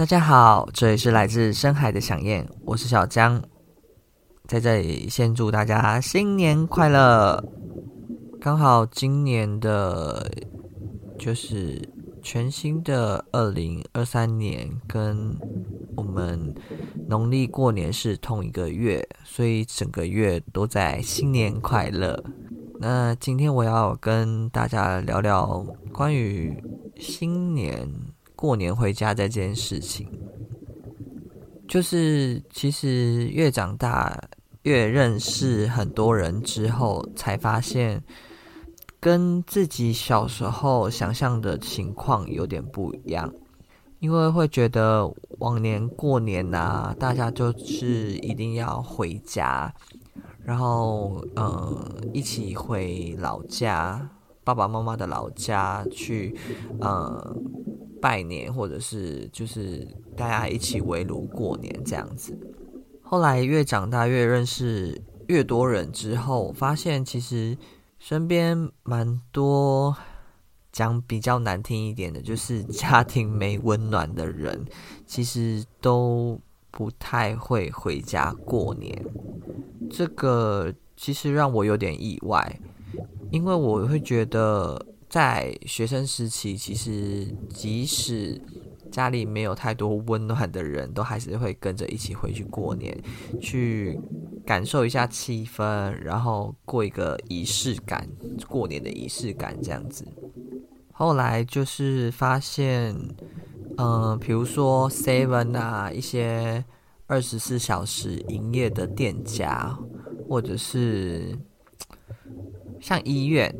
大家好，這裡是來自深海的響燕，我是小江，在這裡先祝大家新年快樂。剛好今年的，就是全新的二零二三年，跟我們農曆過年是同一個月，所以整個月都在新年快樂。那今天我要跟大家聊聊關於新年。過年回家這件事情，就是其實越長大越認識很多人之後，才發現跟自己小時候想象的情況有點不一樣。因為會覺得往年過年啊，大家就是一定要回家，然後嗯，一起回老家，爸爸媽媽的老家去，嗯。拜年，或者是就是大家一起圍爐過年這樣子。後來越長大越認識越多人之後，發現其實身邊蠻多講比較難聽一點的，就是家庭沒溫暖的人，其實都不太會回家過年。這個其實讓我有點意外，因為我會覺得。在學生時期，其實即使家裡沒有太多溫暖的人，都還是會跟着一起回去過年，去感受一下氣氛，然後過一個儀式感，過年的儀式感這樣子。後來就是發現，嗯、呃，比如說 Seven 啊，一些二十四小時營業的店家，或者是像醫院。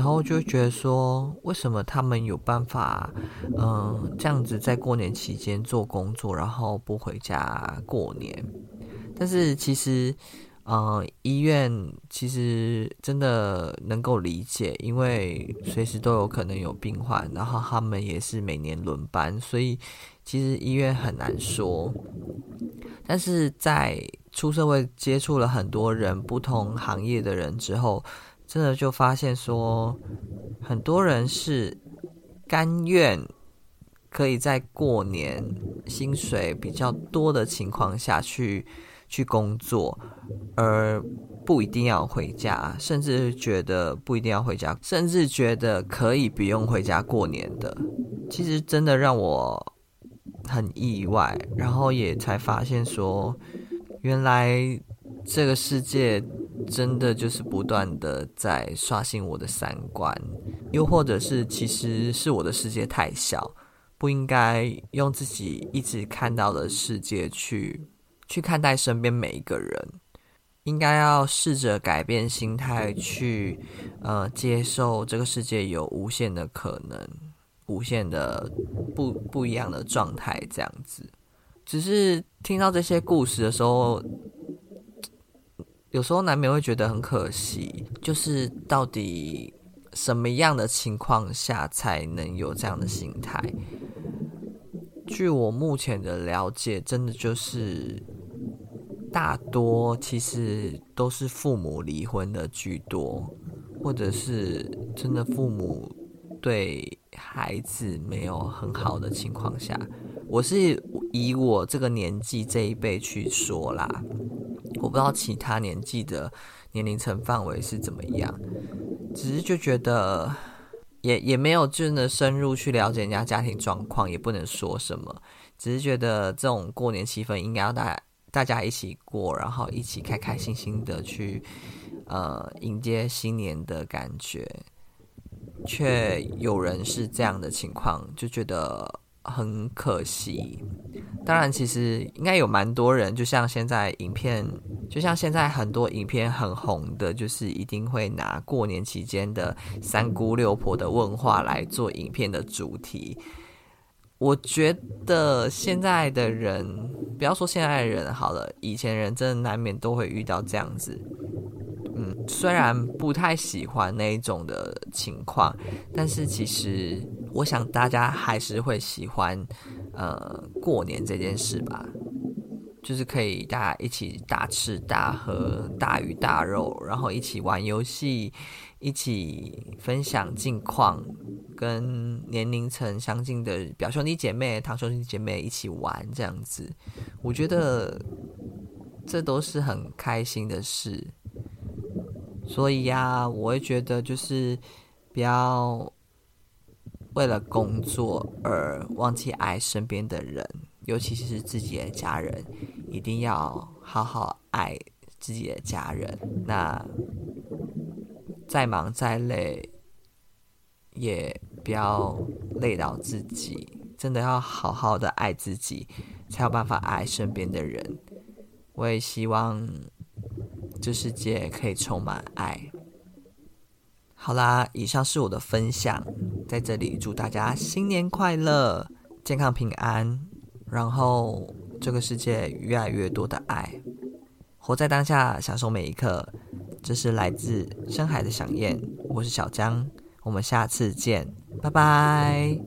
然後就覺得說，為什麼他們有辦法，嗯、呃，這樣子在過年期間做工作，然後不回家過年？但是其實，嗯、呃，醫院其實真的能夠理解，因為隨時都有可能有病患，然後他們也是每年輪班，所以其實醫院很難說。但是在出社會接觸了很多人、不同行業的人之後，真的就發現說，很多人是甘願可以在過年薪水比較多的情況下去去工作，而不一定要回家，甚至覺得不一定要回家，甚至覺得可以不用回家過年的。其實真的讓我很意外，然後也才發現說，原來這個世界。真的就是不斷的在刷新我的三觀，又或者是其實是我的世界太小，不應該用自己一直看到的世界去去看待身邊每一個人，應該要試着改變心態去呃接受這個世界有無限的可能，無限的不不一樣的狀態這樣子，只是聽到這些故事的時候。有時候難免會覺得很可惜，就是到底什麼樣的情況下才能有這樣的心態？據我目前的了解，真的就是大多其實都是父母離婚的居多，或者是真的父母對孩子沒有很好的情況下。我是以我這個年紀這一輩去說啦，我不知道其他年紀的年齡層範圍是怎麼樣，只是就覺得也也沒有真的深入去了解人家家庭狀況，也不能說什麼，只是覺得這種過年氣氛應該要大家大家一起過，然後一起開開心心的去呃迎接新年的感覺，卻有人是這樣的情況，就覺得。很可惜，當然，其實應該有蠻多人，就像現在影片，就像現在很多影片很紅的，就是一定會拿過年期間的三姑六婆的問話來做影片的主題。我覺得現在的人，不要說現在的人好了，以前的人真的難免都會遇到這樣子。嗯，雖然不太喜歡那一種的情況，但是其實。我想大家還是會喜歡，呃，過年這件事吧，就是可以大家一起大吃大喝、大魚大肉，然後一起玩遊戲，一起分享近況，跟年齡層相近的表兄弟姐妹、堂兄弟姐妹一起玩這樣子。我覺得這都是很開心的事，所以呀、啊，我會覺得就是比較。為了工作而忘記愛身邊的人，尤其是自己的家人，一定要好好愛自己的家人。那再忙再累，也不要累到自己，真的要好好的愛自己，才有辦法愛身邊的人。我也希望這世界可以充滿愛。好啦，以上是我的分享，在這裡祝大家新年快樂，健康平安，然後這個世界越來越多的愛，活在當下，享受每一刻，這是來自深海的想念。我是小江，我們下次見，拜拜。